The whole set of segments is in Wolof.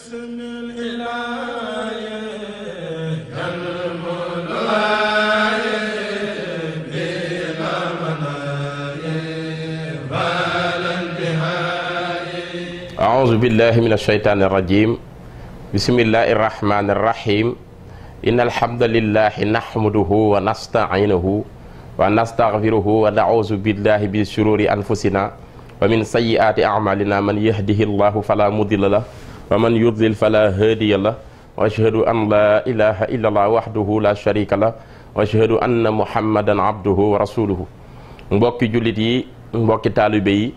أعوذ بالله من الشيطان الرجيم بسم الله الرحمن الرحيم إن الحمد لله نحمده ونستعينه ونستغفره ونعوذ بالله من شرور أنفسنا ومن سيئات أعمالنا من يهده الله فلا مضل له wa man yudlil fala la wa ashhadu an la sharika la wa ashhadu anna muhammadan abduhu wa mbokki jullit yi mbokki taalibe yi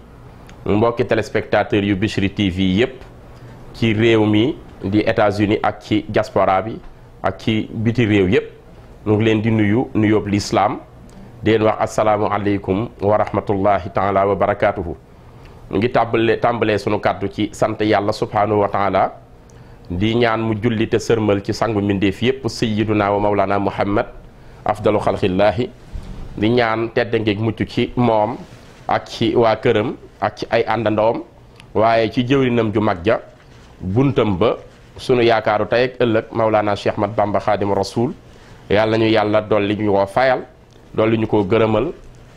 mbokki téléspectateurs yu Bichri TV yépp ci réew mi di États-Unis ak ci diaspora bi ak ci biti réew yépp ñu ngi leen di nuyu nuyoob lislaam deen wax asalaamualeykum wa rahmatullahi taala wa barakaatuhu mu ngi tàmbalee tàmbalee sunu kàddu ci sant yàlla subhaanahu wa di ñaan mu julli te sërmal ci sangu mbindeef yépp sayyiduna wa mawlana muhammad afdalu xalqillaahi di ñaan tedd ngeeg mucc ci moom ak ci waa këram ak ci ay àndandoom waaye ci jëwrinam ju mag ja buntam ba sunu yaakaaru tey ak ëllëg mawlana cheikh mat bamba xaadim rasul yàlla ñu yàlla dolli ñu ko fayal dolli ñu ko gërëmal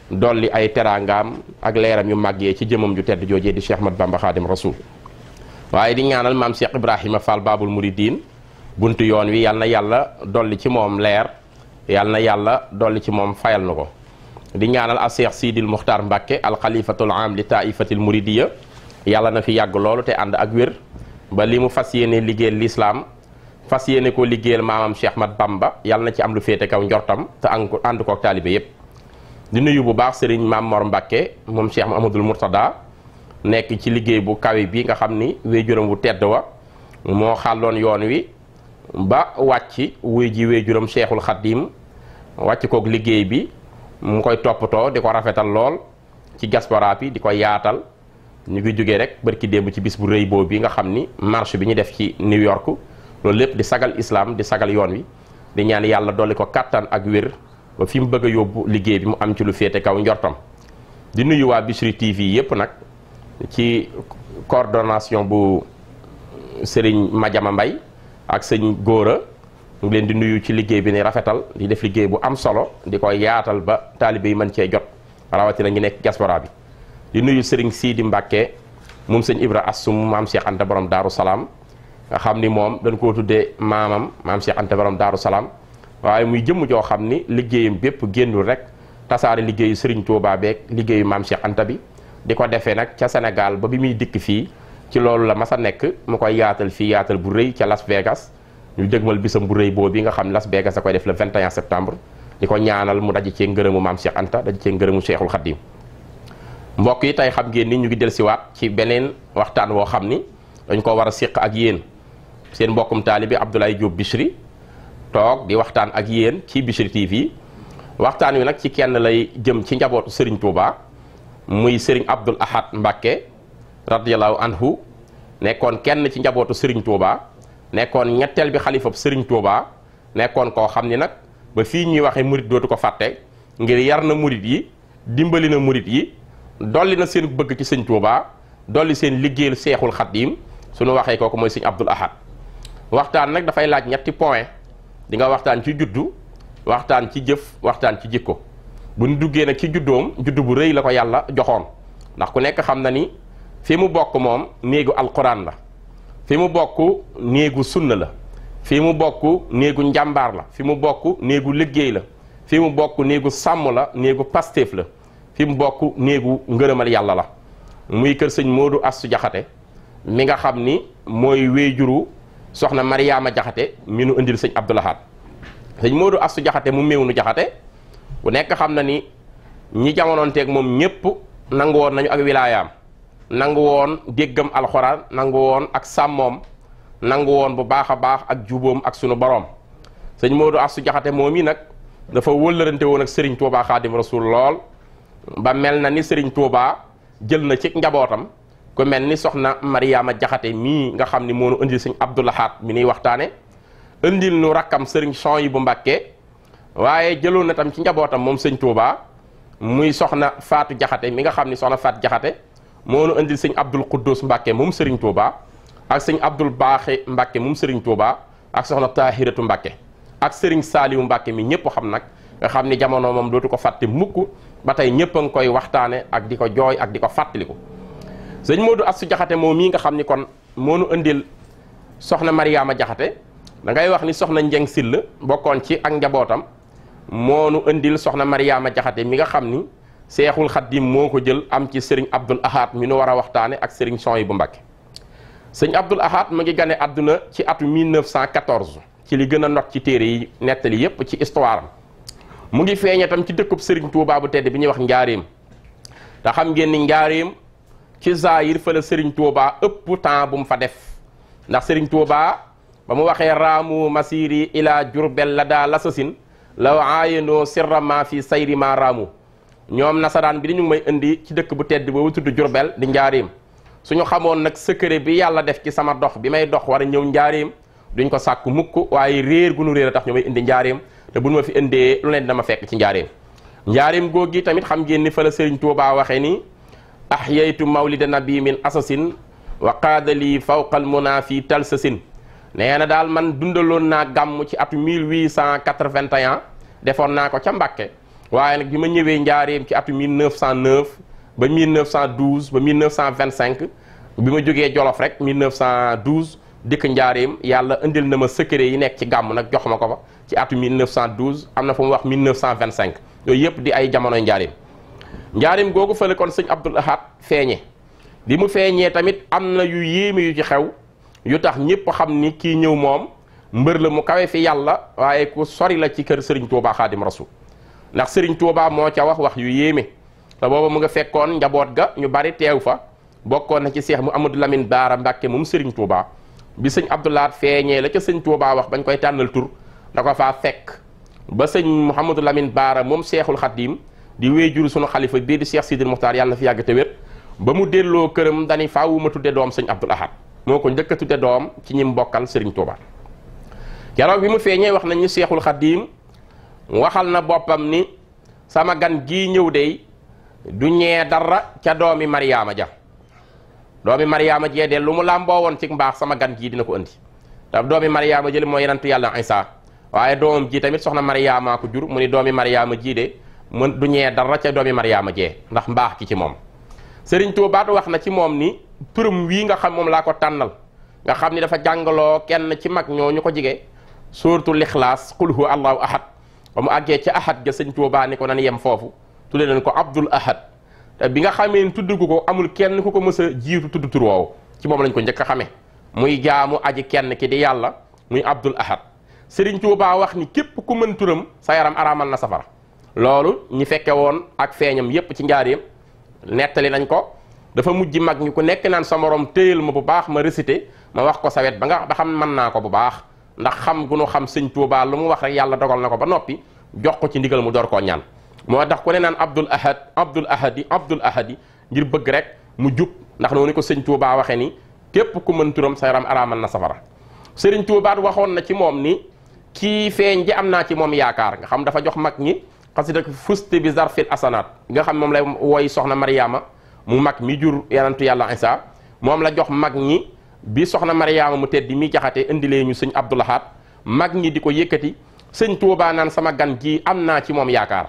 dolli ay teraangaam ak leeram yu màggee ci jëmam ju tedd joojee di Cheikh Ahmad Bamba Xaadim Rasul waaye di ñaanal maam Cheikh Ibrahima Fall Baabul Muridiin bunt yoon wi yal na yàlla dolli ci moom leer yal na yàlla dolli ci moom fayal na ko di ñaanal a Cheikh Sidil Muxtaar Mbàkke alxalifatul am li taifatil muridiya yàlla na fi yàgg loolu te ànd ak wér ba li mu fas yéene liggéeyal lislaam fas yéene ko liggéeyal maamam Cheikh Ahmad Bamba yàlla na ci am lu féete kaw njortam te ànd kook taalibe yépp di nuyu bu baax sëriñ maam Mor Mbacke moom Cheikh Amadul Mourtada nekk ci liggéey bu kawe bi nga xam ni wéejuram wu tedd wa moo xalloon yoon wi ba wàcc wuy ji wéejuram Cheikhul Khadim wàcc kook liggéey bi mu koy toppatoo di ko rafetal lool ci diaspora yi di ko yaatal ñu ngi jógee rek ki démb ci bis bu rëy boobu bi nga xam ni marche bi ñu def ci New York loolu lépp di sagal islaam di sagal yoon wi di ñaan yàlla dolli ko kattan ak wér ba fi mu bëgg a yóbbu liggéey bi mu am ci lu féete kaw njortam di nuyu waa Bichri TV yëpp nag ci coordination bu sëriñ Madiama mbay ak sëñ Góora ñu leen di nuyu ci liggéey bi ni rafetal di def liggéey bu am solo di ko yaatal ba taalibe yi mën cee jot rawatina ñu nekk diaspora bi di nuyu sëriñ Sidi Mbacke moom sëñ Ibra Assou maam Cheikh Anta borom Daaru Salaam xam ni moom dañ ko tuddee maamam maam Cheikh Anta borom Daaru Salaam waaye muy jëmm joo xam ni liggéeyam bépp génnul rek tasaare liggéeyu Serigne Touba beeg liggéeyu maam Cheikh Anta bi di ko defee nag ca senegal ba bi muy dikk fii ci loolu la ma sa nekk mu koy yaatal fii yaatal bu rëy ca Las Vegas ñu dégmal bisam bu rëy boobu bi nga xam Las Vegas da koy def le 21 septembre di ko ñaanal mu daje cee ngërëmu maam Cheikh Anta daje cee ngërëmu Cheikhul Khadim mbokk yi tey xam ngeen ni ñu ngi dellusiwaat ci beneen waxtaan woo xam ni dañ ko war a séq ak yéen seen mbokkum taalibe Abdoulaye Diop Bichri toog di waxtaan ak yéen ci Bichri TV waxtaan wi nag ci kenn lay jëm ci njabootu Serigne Touba muy sëriñ Abdoul Ahad Mbacké radiyallahu anhu nekkoon kenn ci njabootu Serigne Touba nekkoon ñetteel bi xalifab Serigne Touba nekkoon koo xam ni nag ba fii ñuy waxee murit dootu ko fàtte ngir yar na murit yi dimbali na murit yi dolli na seen bëgg ci sëñ Touba dolli seen liggéeyal seexul xaddiim suñu waxee kooku mooy sëñ Abdoul Ahad waxtaan nag dafay laaj ñetti point di nga waxtaan ci juddu waxtaan ci jëf waxtaan ci jikko bu ñu duggee nag ci juddoom juddu bu rëy la ko yàlla joxoon ndax ku nekk xam na ni fi mu bokk moom néegu alquran la fi mu bokk néegu sunn la fi mu bokk néegu njàmbaar la fi mu bokk néegu liggéey la fi mu bokk néegu sàmm la néegu pastéef la fi mu bokk néegu ngërëmal yàlla la muy kër sëñ Modou astu Diakhaté mi nga xam ni mooy wéyjuru soxna Mariama Jaxate mi nu indil sëñ Abdoulahat sëñ Modou Astou Jaxate mu méew nu Jaxate bu nekk xam na ni ñi jamonoonteeg moom ñëpp nangu woon nañu ak wilaayaam nangu woon déggam alxuraan nangu woon ak sàmmoom nangu woon bu baax a baax ak juboom ak sunu boroom sëñ Modou Astou Jaxate moom yi nag dafa wëllërante woon ak Serigne Touba Xaadim Rasul lool ba mel na ni Serigne Touba jël na ci njabootam. ku mel ni soxna Mariama Jaxate mii nga xam ni moo nu indil sëñ Abdoulahat mi nuy waxtaane indil nu rakkam sëriñ son yi bu Mbàkke waaye jëloon na tam ci njabootam moom sëñ Touba muy soxna Faatu Jaxate mi nga xam ni soxna Faat Jaxate moo nu indil sëñ Abdul Quddus Mbàkke moom sëriñ Touba ak sëñ Abdul Baaxe Mbàkke moom sëriñ Touba ak soxna Tahiratu Mbàkke ak sëriñ Saaliwu Mbàkke mi ñëpp xam nag nga xam ni jamono moom dootu ko fàtte mukk ba tey ñëpp a ngi koy waxtaane ak di ko jooy ak di ko fàttaliku sëñ Modou Astou Jaxate moom mii nga xam ni kon moo nu indil soxna Mariama Jaxate da ngay wax ni soxna Njeng Sill bokkoon ci ak njabootam moo nu indil soxna Mariama Jaxate mi nga xam ni seexul di moo ko jël am ci sëriñ Abdul Ahad mi nu war a waxtaane ak sëriñ son yi bu Mbàkke sëñ Abdul Ahad mu ngi gane àdduna ci atu 1914 ci li gën a not ci téere yi nettali yépp ci histoire mu ngi feeñe tam ci dëkkub sëriñ Touba bu tedd bi ñuy wax njaareem te ci zaayir fa la Serigne Touba ëpp temps bu mu fa def ndax Serigne Touba ba mu waxee raamu masiri ila jurbel la daa lasasin law aayenoo sirrama fi sayri ma raamu ñoom nasaraan bi dañu may indi ci dëkk bu tedd boobu tudd jurbel di su ñu xamoon nag secret bi yàlla def ci sama dox bi may dox wara ñëw njaareem duñ ko sàkku mukk waaye réer gu nu réer a tax ñu may indi njaareem te bu nu ma fi indee lu leen dama fekk ci njaareem njaareem googu tamit ahyaytu mawlida nabi min asasin wa qaada lii fawqal muna fi talsasin nee na daal man dundaloon naa gàmm ci atu 1881 defoon naa ko ca Mbàkke waaye nag bi ma ñëwee njaareem ci atu 1909 ba 1912 ba 1925 bi ma jógee Jolof rek 1912 dikk njaareem yàlla indil na ma secret yi nekk ci gàmm nag jox ma ko fa ci atu 1912 am na fu mu wax 1925 yooyu yëpp di ay jamonoy njaareem njaarim googu fële kon sëñ Abdul feeñe bi mu feeñee tamit am na yu yéeme yu ci xew yu tax ñëpp xam ni kii ñëw moom mbër la mu kawe fi yàlla waaye ku sori la ci kër Serigne Touba Xaadim Rasul ndax Serigne Touba moo ca wax wax yu yéeme te booba mu nga fekkoon njaboot ga ñu bari teew fa bokkoon na ci seex mu Amadou Lamine Baara Mbàkke moom Serigne Touba bi sëñ Abdoulaat feeñee la ca sëñ Touba wax bañ koy tànnal tur da ko faa fekk ba sëñ Mouhamadou Lamine Baara moom seexul xaddiim di wéy juru sunu xalifa bii di Cheikh Sidil Mokhtar yàlla na fi yàgg te wér ba mu delloo këram dani faawu ma tudde doom sëñ Abdoul Ahad moo ko njëkk a tudde doom ci ñi mbokkal Serigne Touba keroog bi mu feeñee wax nañu Cheikhul Khadim waxal na boppam ni sama gan gii ñëw dey du ñee dara ca doomi Mariama ja doomi Mariama jee de lu mu làmboo woon ci mbaax sama gan gii dina ko andi daf doomi Mariama jël moo yenantu yàlla Isa waaye doomam ji tamit soxna Mariama ko jur mu ni doomi Mariama jii de mën du ñee dara ca doomi Mariama jee ndax mbaax ki ci moom Serigne Touba wax na ci moom ni turam wii nga xam moom laa ko tànnal nga xam ni dafa jàngaloo kenn ci mag ñoo ñu ko jige suuratul Ixlaas qul huwa allahu ahad ba mu àggee ci ahad ga Sëñ Touba ni ko nan yem foofu tuddee leen ko Abdul Ahad te bi nga xamee ni tudd ko ko amul kenn ku ko mës a jiitu tudd tur ci moom lañ ko njëkk a xamee muy jaamu aji kenn ki di yàlla muy Abdul Ahad Serigne Touba wax ni képp ku mën turam sa yaram araamal na safara. loolu ñi fekke woon ak feeñam yépp ci njaareem nettali nañ ko dafa mujj mag ñu ku nekk naan sa moroom téyal ma bu baax ma récité ma wax ko sawet ba nga ba xam mën naa ko bu baax ndax gu nu xam sëñ Tuubaa lu mu wax yàlla dogal na ko ba noppi jox ko ci ndigal mu door koo ñaan moo tax ku ne naan Abdul Ahad Abdul Ahadi Abdul Ahadi ngir bëgg rek mu jub ndax noonu ko sëñ Tuubaa waxee ni képp ku mën turam sa yaram araamal na safara sëriñ Tuubaa waxoon na ci moom ni kii feeñ ji am naa ci moom yaakaar nga xam dafa jox mag ñi xasida ak fusti bi zarfil asanaat nga xam moom lay woy soxna Mariama mu mag mi jur yanantu yàlla Isa moom la jox mag ñi bi soxna Mariama mu tedd mi jaxate indilee ñu sëñ Abdou Lahad mag ñi di ko yëkkati sëñ Touba naan sama gan ji am naa ci moom yaakaar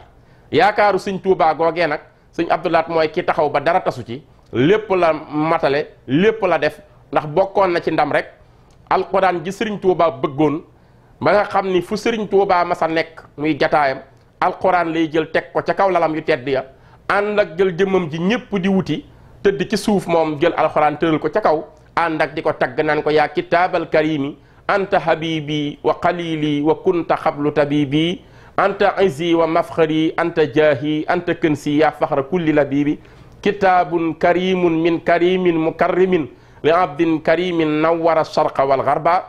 yaakaaru sëñ Touba googee nag sëñ Abdou mooy ki taxaw ba dara tasu ci lépp la matale lépp la def ndax bokkoon na ci ndam rek alxuraan ji sëriñ Touba bëggoon ba nga xam ni fu sëriñ Touba masa nekk muy jataayam. alxuraan lay jël teg ko ca kaw lalam yu tedd ya ak jël jëmmam ji ñëpp di wuti tëdd ci suuf moom jël alxuraan tëral ko ca kaw ànd di ko tagg naan ko yaa kitaabal karimi anta habibi wa qalili wa kunta xablu tabibi anta izi wa mafxari anta jaahi anta kënsi yaa faxra kulli labibi kitaabun karimun min karimin mukarrimin li abdin karimin nawara sharqa wal garba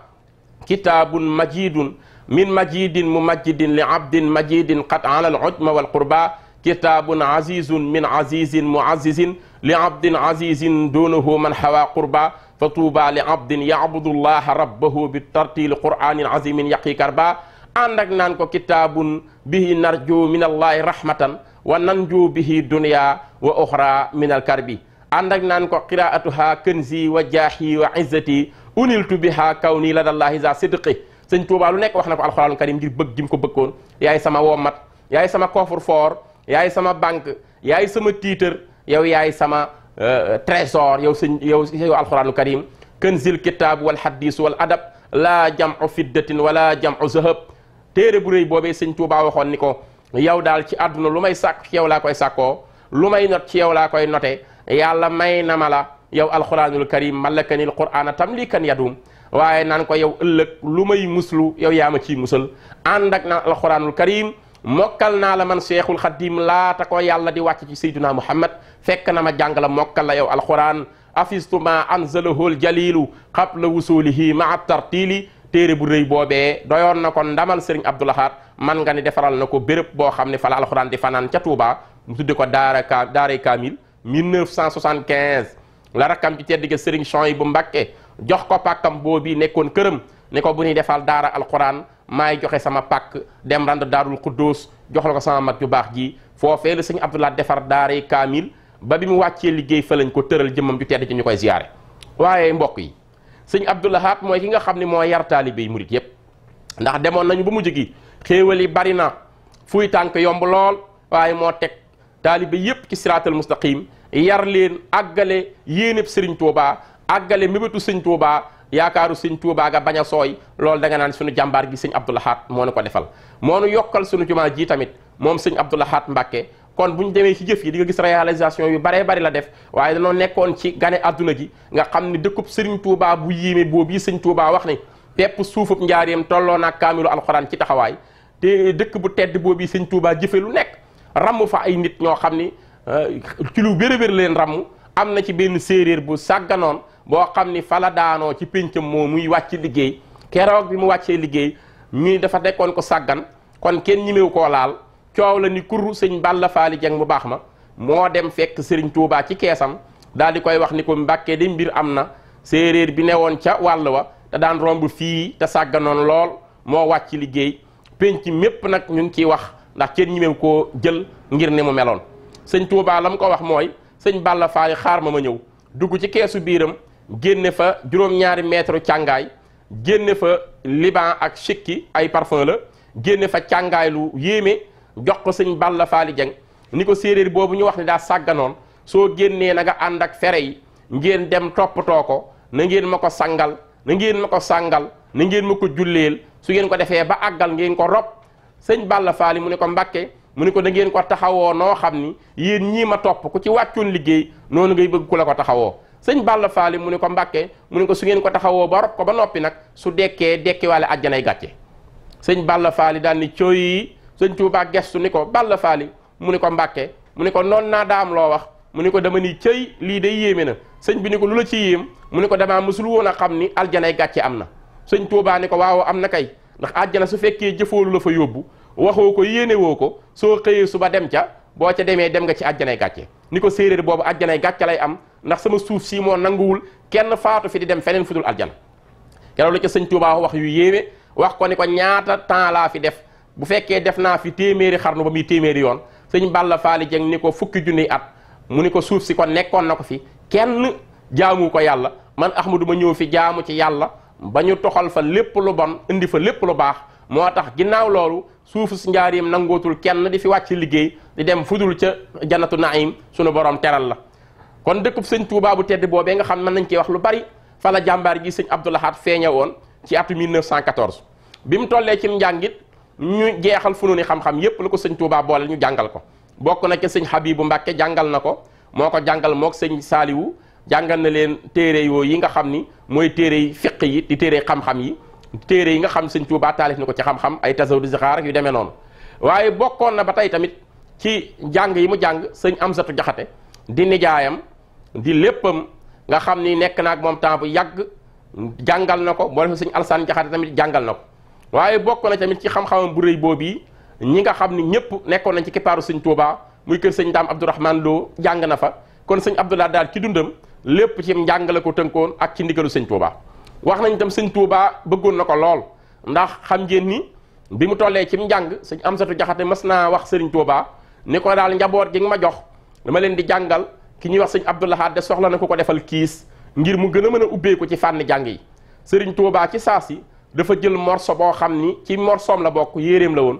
kitaabun majidun min majidin mumajidin li abdin majidin qad ala al ujma wal qurba kitaabun azizun min azizin muazizin li abdin azizin duunahu man hawa qurba fa tuuba li abdin yabudu llaha rabbahu bi tartili quranin azimin yaqi karba ànd ak naan ko kitaabun bihi narju min allahi rahmatan wa nanju bihi dunya wa oxra min alkarbi ànd ak naan ko qiraatuha kanzi wa jaahi wa izzati uniltu biha kawni ladallahi za sidqi sëñ Tuubaa lu nekk wax na ko alxuraanul karim ngir bëgg gi mu ko bëggoon yaay sama womat yaay sama coffre foor yaay sama banque yaay sama tiitër yow yaay sama euh, trésor yow sëñ yow yow alxuraanul karim kanzil kitaab wal hadis wal adab laa jam'u fiddatin wala jam'u zahab téere bu réy boobee sëñ Tuubaa waxoon ni ko yow daal ci àdduna lu may sàkk ci yow laa koy sàkkoo lu may not ci yow laa koy note yàlla may na ma la yow alxuraanul karim malakanil qur'aana tamlikan yadum waaye naan ko yow ëllëg lu may muslu yow yaa ma ciy musal ànd ak naan alxuraanul karim mokkal naa la man seexul xadim laata ko yàlla di wàcc ci sayduna muhammad fekk na ma jàng la mokkal la yow alxuraan afistu ma anzalahul jalilu qabla wusulihi maa tartili téere bu rëy boobee doyoon na ko ndamal sëriñ abdoulahaat man nga ne defaral na ko béréb boo xam ne fala alxuraan di fanaan ca Touba mu tudde ko daara ka daaray kaamil 1975 la rakkam ci tedd ga sëriñ Chouaïbou Mbacké jox ko pàkkam boobu nekkoon këram ni ko bu ñuy defal daara alquran maay joxe sama pàkk dem rand daarul quddus jox la ko sama mag ju baax ji foofee la sëñ Abdoulaye defar daaray kaamil ba bi mu wàccee liggéey fa lañ ko tëral jëmmam ju tedd ci ñu koy ziyaare waaye mbokk yi sëñ Abdou Lahad mooy ki nga xam ne moo yar taalibe yi murit yépp ndax demoon nañu ba mujj gi xéewal yi bari na fuy tànk yomb lool waaye moo teg taalibe yépp ci siraatal mustaqim yar leen àggale yéeneb sëriñ Tuubaa àggale mébétu sëñ Tuubaa yaakaaru sëñ Tuubaa ga bañ a sooy loolu da nga naan suñu jàmbaar gi sëñ Abdou Lahad moo nu ko defal moo nu yokkal suñu jumaa ji tamit moom sëñ Abdou Lahad Mbàkke kon bu ñu demee ci jëf yi di nga gis réalisation yu baree bari la def waaye danoo nekkoon ci gane àdduna gi nga xam ne dëkkub sëriñ Tuubaa bu yéeme boobu yi sëñ Tuubaa wax ne pepp suufub njaareem tolloo naag kaamilu alxuraan ci taxawaay te dëkk bu tedd boobu yi sëñ Tuubaa jëfe lu nekk ramm fa ay nit ñoo xam ni euh, ci lu wér-wér leen ramm am na ci benn séeréer bu sàgganoon boo xam ni fala daanoo ci péncam moo muy wàcc liggéey keroog bi mu wàccee liggéey ñuy dafa dekkoon ko sàggan kon kenn ñimew koo laal coow la ni kur sëñ bàll Faali Jeng mu baax ma moo dem fekk sëriñ Touba ci keesam daal di koy wax ni ko mbàkkee di mbir am na séeréer bi woon ca wàll wa te daan romb fii te sàgganoon lool moo wàcc liggéey pénc mépp nag ñu ñun ciy wax ndax kenn ñimew koo jël ngir ni mu meloon sëñ Touba la mu ko wax mooy sëñ bàll Faali xaar ma ñëw dugg ci keesu biiram génne fa juróom-ñaari mètre càngaay génne fa liban ak sikki ay parfum la génne fa càngaay lu yéeme jox ko sëñ Balla Faali Jeng ni ko séeréer boobu ñu wax ne daa sàgganoon soo génnee na nga ànd ak fere yi ngeen dem toppatoo ko na ngeen ma ko sangal na ngeen ma ko sangal na ngeen ma ko julleel su ngeen ko defee ba àggal ngeen ko rob sëñ Balla Faali mu ne ko Mbàkke mu ne ko da ngeen ko taxawoo noo xam ni yéen ñii ma topp ku ci wàccoon liggéey noonu ngay bëgg ku la ko taxawoo sëñ Balla Faali mu ne ko Mbàkke mu ne ko su ngeen ko taxawoo ba rob ko ba noppi nag su dekkee dekkiwaale àjjanay gàcce sëñ Balla Faali daal ni cooy yi sëñ Tuubaa gestu ni ko Balla Faali mu ne ko Mbàkke mu ne ko noon naa am loo wax mu ne ko dama ni cëy lii day yéeme na sëñ bi ni ko lu la ci yéem mu ne ko damaa mësul woon a xam ni aljanay gàcce am na sëñ Tuubaa ni ko waaw am na kay ndax àjjana su fekkee jëfoolu la fa yóbbu waxoo ko yéenewoo ko soo xëyee suba dem ca boo ca demee dem nga ci àjjanay gàcce ni ko séeréer boobu àjjanay gàcce lay am ndax sama suuf si moo nanguwul kenn faatu fi di dem feneen fudul aljana keroog la ca sëñ Tuubaa wax yu yéeme wax ko ni ko ñaata temps laa fi def bu fekkee def naa fi téeméeri xarnu ba muy téeméeri yoon sëñ Balla Faali Jeng ni ko fukki junniy at mu ni ko suuf si kon nekkoon na ko fi kenn jaamu ko yàlla man Ahmadu ma ñëw fi jaamu ci yàlla ba ñu toxal fa lépp lu bon indi fa lépp lu baax moo tax ginnaaw loolu suufu si njaareem nangootul kenn di fi wàcc liggéey di dem fudul ca jannatu naim sunu borom teral la kon dëkkub sëñ Touba bu tedd boobee nga xam mën nañ koy wax lu bari fa jàmbaar gi sëñ Abdou Lahad feeñe woon ci atu 1914 bi mu tollee ci njàngit ñu jeexal fu nu ni xam-xam yépp lu ko sëñ Touba boole ñu jàngal ko bokk na ca sëñ Habibu Mbàkke jàngal na ko moo ko jàngal mook sëñ Saaliwu jàngal na leen téere yoo yi nga xam ni mooy téere fiq yi di téere xam yi téere yi nga xam sëñ Tuubaa taalif na ko ci xam-xam ay tasaw di zixaar ak yu demee noonu waaye bokkoon na ba tey tamit ci jàng yi mu jàng sëñ Amsatu Jaxate di nijaayam di léppam nga xam ni nekk na ak moom temps bu yàgg jàngal na ko moo defee sëñ Alsaan Jaxate tamit jàngal na ko waaye bokk na tamit ci xam-xamam bu rëy boobu ñi nga xam ni ñëpp nekkoon nañ ci kippaaru sëñ Tuubaa muy kër sëñ Daam Abdourahman Lo jàng na fa kon sëñ Abdoulaye daal ci dundam lépp ci njàng la ko ak ci ndigalu sëñ Tuubaa wax nañ itam sëñ tuubaa bëggoon na ko lool ndax xam ngeen ni bi mu tollee cim njàng sëñ Amsatu Jaxate mas naa wax sëriñ Touba ni ko daal njaboot gi ma jox dama leen di jàngal ki ñuy wax sëñ Abdou Lahad de soxla na ku ko defal kiis ngir mu gën a mën a ubbeeku ci fànn jàng yi sëriñ Touba ci saa si dafa jël morso boo xam ni ci morsoom la bokk yéeréem la woon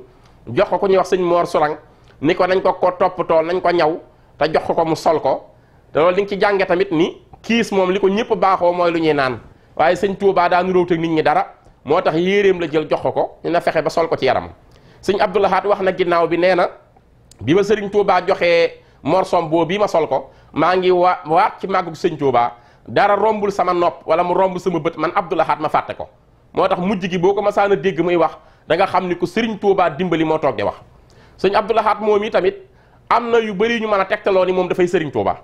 jox ko ku ñuy wax sëñ Mor Sourang ni ko nañ ko ko toppatoo nañ ko ñaw te jox ko ko mu sol ko te li nga ci jànge tamit ni kiis moom li ko ñëpp baaxoo mooy lu ñuy naan waaye sëñ Touba daa nuróote nit ñi dara moo tax yéeréem la jël jox ko ko ñu na fexe ba sol ko ci yaram sëñ Abdou wax na ginnaaw bi nee na bi ma sëriñ Touba joxee morsom boo bii ma sol ko maa ngi wa waat ci màggug sëñ Touba dara rombul sama nopp wala mu romb sama bët man Abdou Lahad ma fàtte ko moo tax mujj gi boo ko masaan a dégg muy wax danga xam ni ko sëriñ Touba dimbali moo toog di wax sëñ Abdou moom yi tamit am na yu bëri ñu mën a tegtaloo ni moom dafay sëriñ Touba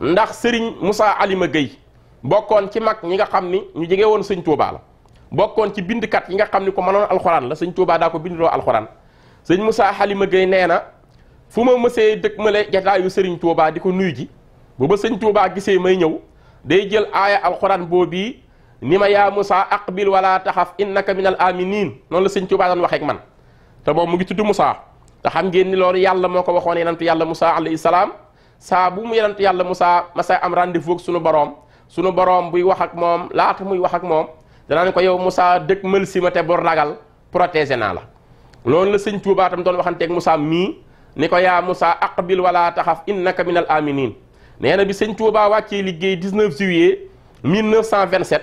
ndax sëriñ Moussa Alima Gueye bokkoon ci mag ñi nga xam ni ñu jege woon sëñ Touba la bokkoon ci bindkat yi nga xam ni ko mënoon alxuraan la sëñ Touba daa ko bindiloo alxuraan sëñ Moussa Halima Gueye nee na fu ma mësee dëkk male jataayu sëriñ Touba di ko nuyu ji ba sëñ Touba gisee may ñëw day jël aaya alxuraan boobii ni ma yaa Moussa aqbil wala taxaf innaka minal aminin noonu la sëñ Touba doon waxeek man te moom mu ngi tudd Moussa te xam ngeen ni loolu yàlla moo ko waxoon yenantu yàlla Moussa alayhi salaam saa bu mu yenantu yàlla Moussa masa am rendez-vous sunu boroom sunu boroom buy wax ak moom laata muy wax ak moom ne ko yow Moussa dëkk mël si ma te bu ragal protégé naa la loolu la sëñ Tuubaa tam doon waxanteeg Moussa mii ni ko yaa Moussa aqbil wala taxaf innaka minal aminin nee na bi sëñ Tuubaa wàccee liggéey 19 juillet 1927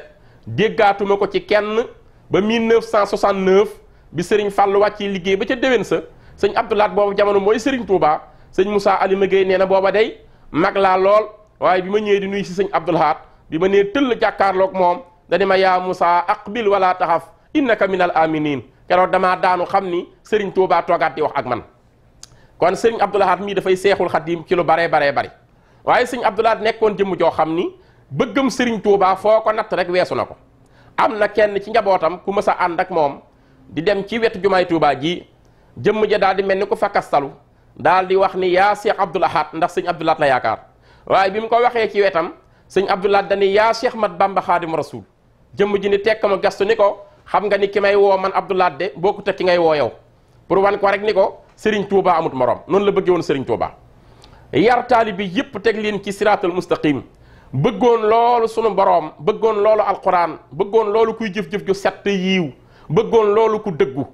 déggaatuma ko ci kenn ba 1969 bi sëriñ Fàllu wàccee liggéey ba ca déwén sa sëñ Abdoulaat boobu jamono mooy sëriñ Tuubaa sëñ musaa Alima Gueye nee na booba dey mag laa lool waaye bi ma ñëwee di nuyu si sëñ Abdoulaat bi ma nee tëll jàkkaarloog moom dani ma yaa Moussa aqbil wala taxaf innaka minal aminin keroog damaa daanu xam ni sëriñ Touba toogaat di wax ak man kon Serigne Abdoul mii dafay seexul xadim ci lu baree baree bari waaye Serigne Abdoul Ahad nekkoon jëmm joo xam ni bëggam sëriñ Touba foo ko natt rek weesu na ko am na kenn ci njabootam ku mës a ànd ak moom di dem ci wetu jumaay Touba ji jëmm ja daal di mel ni ku fakkastalu daal di wax ni yaa Cheikh Abdoul ndax Serigne Abdoul Ahad la yaakaar waaye sëñ Abdoulaye dani yaa Cheikh Mat Bamba Xaadim Rasul jëmm ji ni tekk ma gastu ni ko xam nga ni ki may woo man Abdoulaye de bokkut teg ki ngay woo yow pour wan ko rek ni ko Serigne Touba amut moroom noonu la bëgge woon Serigne Touba. yar taalibi yëpp teg leen ci siraatal mustaqim bëggoon loolu sunu boroom bëggoon loolu alquran bëggoon loolu kuy jëf-jëf ju set yiw bëggoon loolu ku dëggu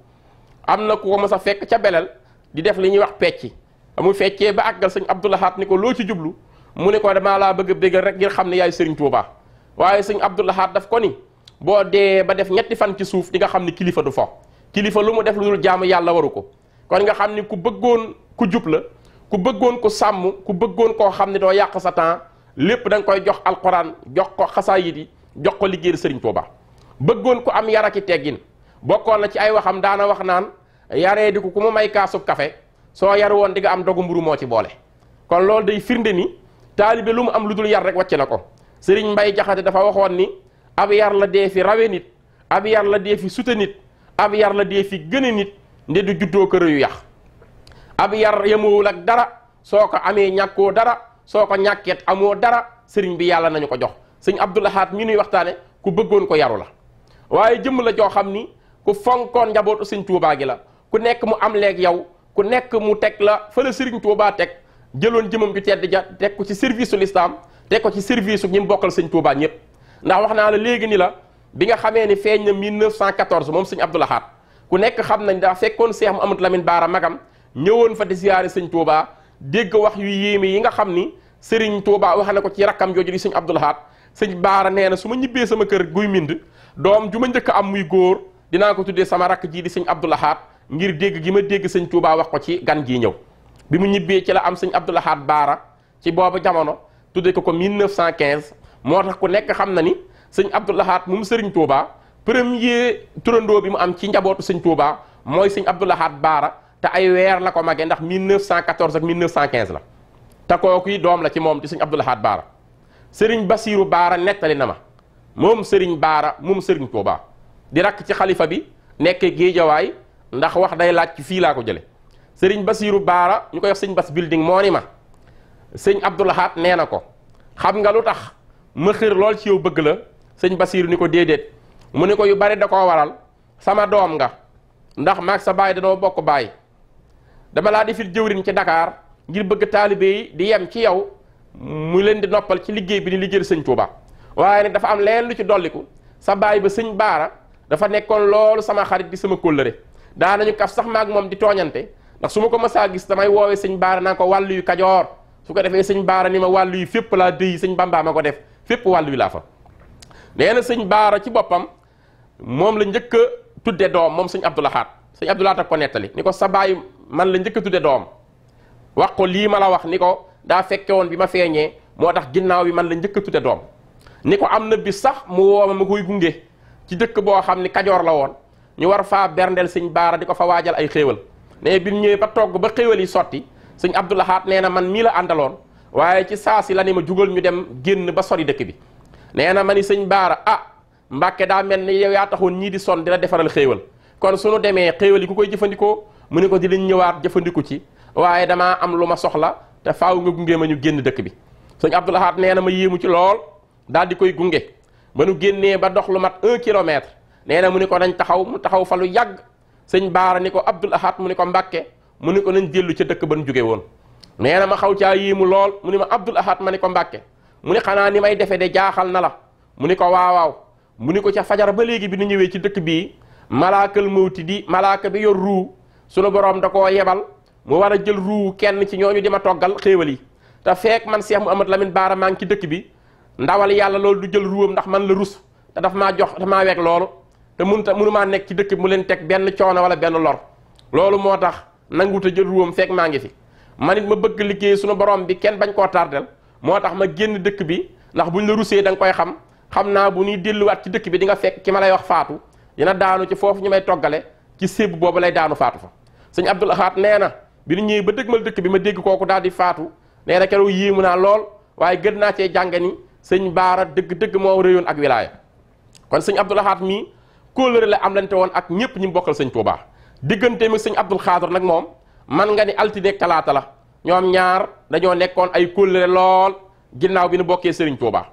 am na ku ko mës a fekk ca belal di def li ñuy wax pecc amu feccee ba àggal sëñ Abdoulaye Xaat ni ko loo ci jublu. mu ne ko damaa laa bëgg a bégal rek ngir xam ne yaay Serigne Touba waaye sëñ Abdou Lahad daf ko ni boo dee ba def ñetti fan ci suuf di nga xam ni kilifa du fo kilifa lu mu def lu dul jaamu yàlla waru ko kon nga xam ni ku bëggoon ku jub la ku bëggoon ku sàmm ku bëggoon koo xam ne doo yàq sa temps lépp da koy jox alquran jox ko xasaayid yi jox ko liggéeyal Serigne Touba bëggoon ku am ki teggin bokkoon na ci ay waxam daana wax naan yaree di ko ku mu may kaasub kafe soo yar woon di am dogu moo ci boole taalibe lu mu am lu dul yar rek wàcce na ko sëriñ Mbay Jaxate dafa waxoon ni ab yar la dee fi rawe nit ab yar la dee fi sute nit ab yar la dee fi gëne nit nde du juddoo kër yu yax ab yar yemoowul ak dara soo ko amee ñàkkoo dara soo ko ñàkkeet amoo dara sëriñ bi yàlla nañu ko jox sëñ Abdul Ahad mi nuy waxtaane ku bëggoon ko yaru la waaye jëmm la joo xam ni ku fonkoon njabootu sëñ Tuubaa gi la ku nekk mu am leeg yow ku nekk mu teg la fële sëriñ Tuubaa teg jëloon jëmam ju tedd ja teg ko ci service su lislaam teg ko ci service su ñi mbokkal bokkal sëñ Touba ndax wax naa la léegi ni la bi nga xamee ni feeñ na 1914 moom sëñ Abdou Lahad ku nekk xam nañ daa fekkoon Seex amut Lamin Baara magam ñëwoon fa di siyaare sëñ Touba dégg wax yu yéeme yi nga xam ni sëriñ Touba wax na ko ci rakkam jooju di sëñ Abdou Lahad sëñ Baara nee na su ma ñibbee sama kër guy mbind doom ju ma njëkk am muy góor dinaa ko tuddee sama rakk jii di sëñ Abdou Lahad ngir dégg gi ma dégg sëñ Touba wax ko ci gan gii ñëw bi mu ñibbee ci la am sëñ Abdou Lahad Baara ci boobu jamono tuddee ko ko 1915 moo tax ku nekk xam na ni sëñ Abdou Lahad mu sëriñ Touba premier turandoo bi mu am ci njabootu sëñ Touba mooy sëñ Abdou Lahad Baara te ay weer la ko magee ndax 1914 ak 1915 la te kooku yi doom la ci moom di sëñ Abdou Lahad Baara sëriñ Basiiru Baara nettali na ma moom sëriñ Baara moom sëriñ Touba di rakk ci xalifa bi nekk géejawaay ndax wax day laaj ci fii laa ko jële sëriñ Basiiru Baara ñu koy wax sëñ Bas building moo ni ma sëñ Abdou Lahad nee na ko xam nga lu tax ma xër lool ci yow bëgg la sëñ Basiiru ni ko déedéet mu ni ko yu bari da koo waral sama doom nga ndax maag sa baay danoo bokk baay dama laa defil jëwrin ci Dakar ngir bëgg taalibe yi di yem ci yow mu leen di noppal ci liggéey bi ni liggéeyal sëñ Tuuba waaye nag dafa am leen lu ci dolliku sa baay ba sëñ Baara dafa nekkoon loolu sama xarit di sama kóllëre daanañu kaf sax maag moom di tooñante ndax su ma ko masaa gis damay woowee sëñ baara naa ko wàllu yu kajoor su ko defee sëñ baara ni ma wàllu yu fépp laa dëyi sañ bambaa ma ko def fépp wàllu yu laa fa nee na sëñ baara ci boppam moom la njëkk a tudde doom moom sëñ abdoulahaat sëñ abdoulahaat ak ko nettali ni ko sa baay man la njëkk a tudde doom wax ko lii ma la wax ni ko daa fekke woon bi ma feeñee moo tax ginnaaw bi man la njëkk a doom ni ko am na bi sax mu wooma ma koy gunge ci dëkk boo xam ni kajoor la woon ñu war faa berndeel sëñ baara di ko fa waajal ay xéewal ne bi mu ñëwee ba togg ba xéwal yi sotti sëñ Abdou Lahad nee na man mii la àndaloon waaye ci saa si la ne ma jugal ñu dem génn ba sori dëkk bi nee na ma ni sëñ Baara ah Mbàkke daa mel ni yow yaa taxoon ñii di son di la defaral xéewal kon suñu demee xéewal yi ku koy jëfandikoo mu ne ko di lañ ñëwaat jëfandiku ci waaye damaa am lu ma soxla te faaw nga gunge ma ñu génn dëkk bi sëñ Abdou Lahad nee na ma yéemu ci lool daal di koy gunge ba nu génnee ba dox lu mat un kilomètre nee mu ne ko nañ taxaw taxaw fa lu yàgg sëñ baara ni ko abdul ahad mu ni ko mbàkke mu ni ko nañ dellu ca dëkk ba ban jóge woon nee na ma xaw caa yii mu lool mu ni ma abdul ahad ma ni ko mbàkke mu ni xanaa ni may defe de jaaxal na la mu ni ko waaw mu ni ko ca fajar ba léegi bi nu ñëwee ci dëkk bii malaakal mawti di malaaka bi yor ruu sunu borom da koo yebal mu war a jël ruu kenn ci ñooñu di ma toggal xéewal yi te feek man Cheikh Mouhamadou Lamine Bara maa ngi ci dëkk bi ndawal yàlla loolu du jël ruwam ndax man la rus daf maa jox daf te mënuta ma nekk ci dëkk mu leen teg benn coono wala benn lor loolu moo tax nanguta jël ruwam fekk maa ngi fi man it ma bëgg liggéey suñu boroom bi kenn bañ koo tàrdel moo tax ma génn dëkk bi ndax bu buñ la rusee da nga koy xam xam naa bu ñuy delluwaat ci dëkk bi dinga fekk ki ma lay wax faatu dina daanu ci foofu ñu may toggale ci sébb boobu lay daanu faatu fa sëñ Abdul axaat nee na bi ñu ñëwee ba mal dëkk bi ma dégg kooku daal di faatu nee na keroog yéemu naa lool waaye gën naa cee jànge ni sëñ Baara dëgg-dëgg moo réyoon ak wilaaya kon sëñ kóllëre la am lante woon ak ñépp ñi bokkal sëñ Tuubaa diggante mi sëñ Abdul Xaadir nag moom man nga ni altine kalaata la ñoom ñaar dañoo nekkoon ay kóllëre lool ginnaaw bi nu bokkee sëriñ Tuubaa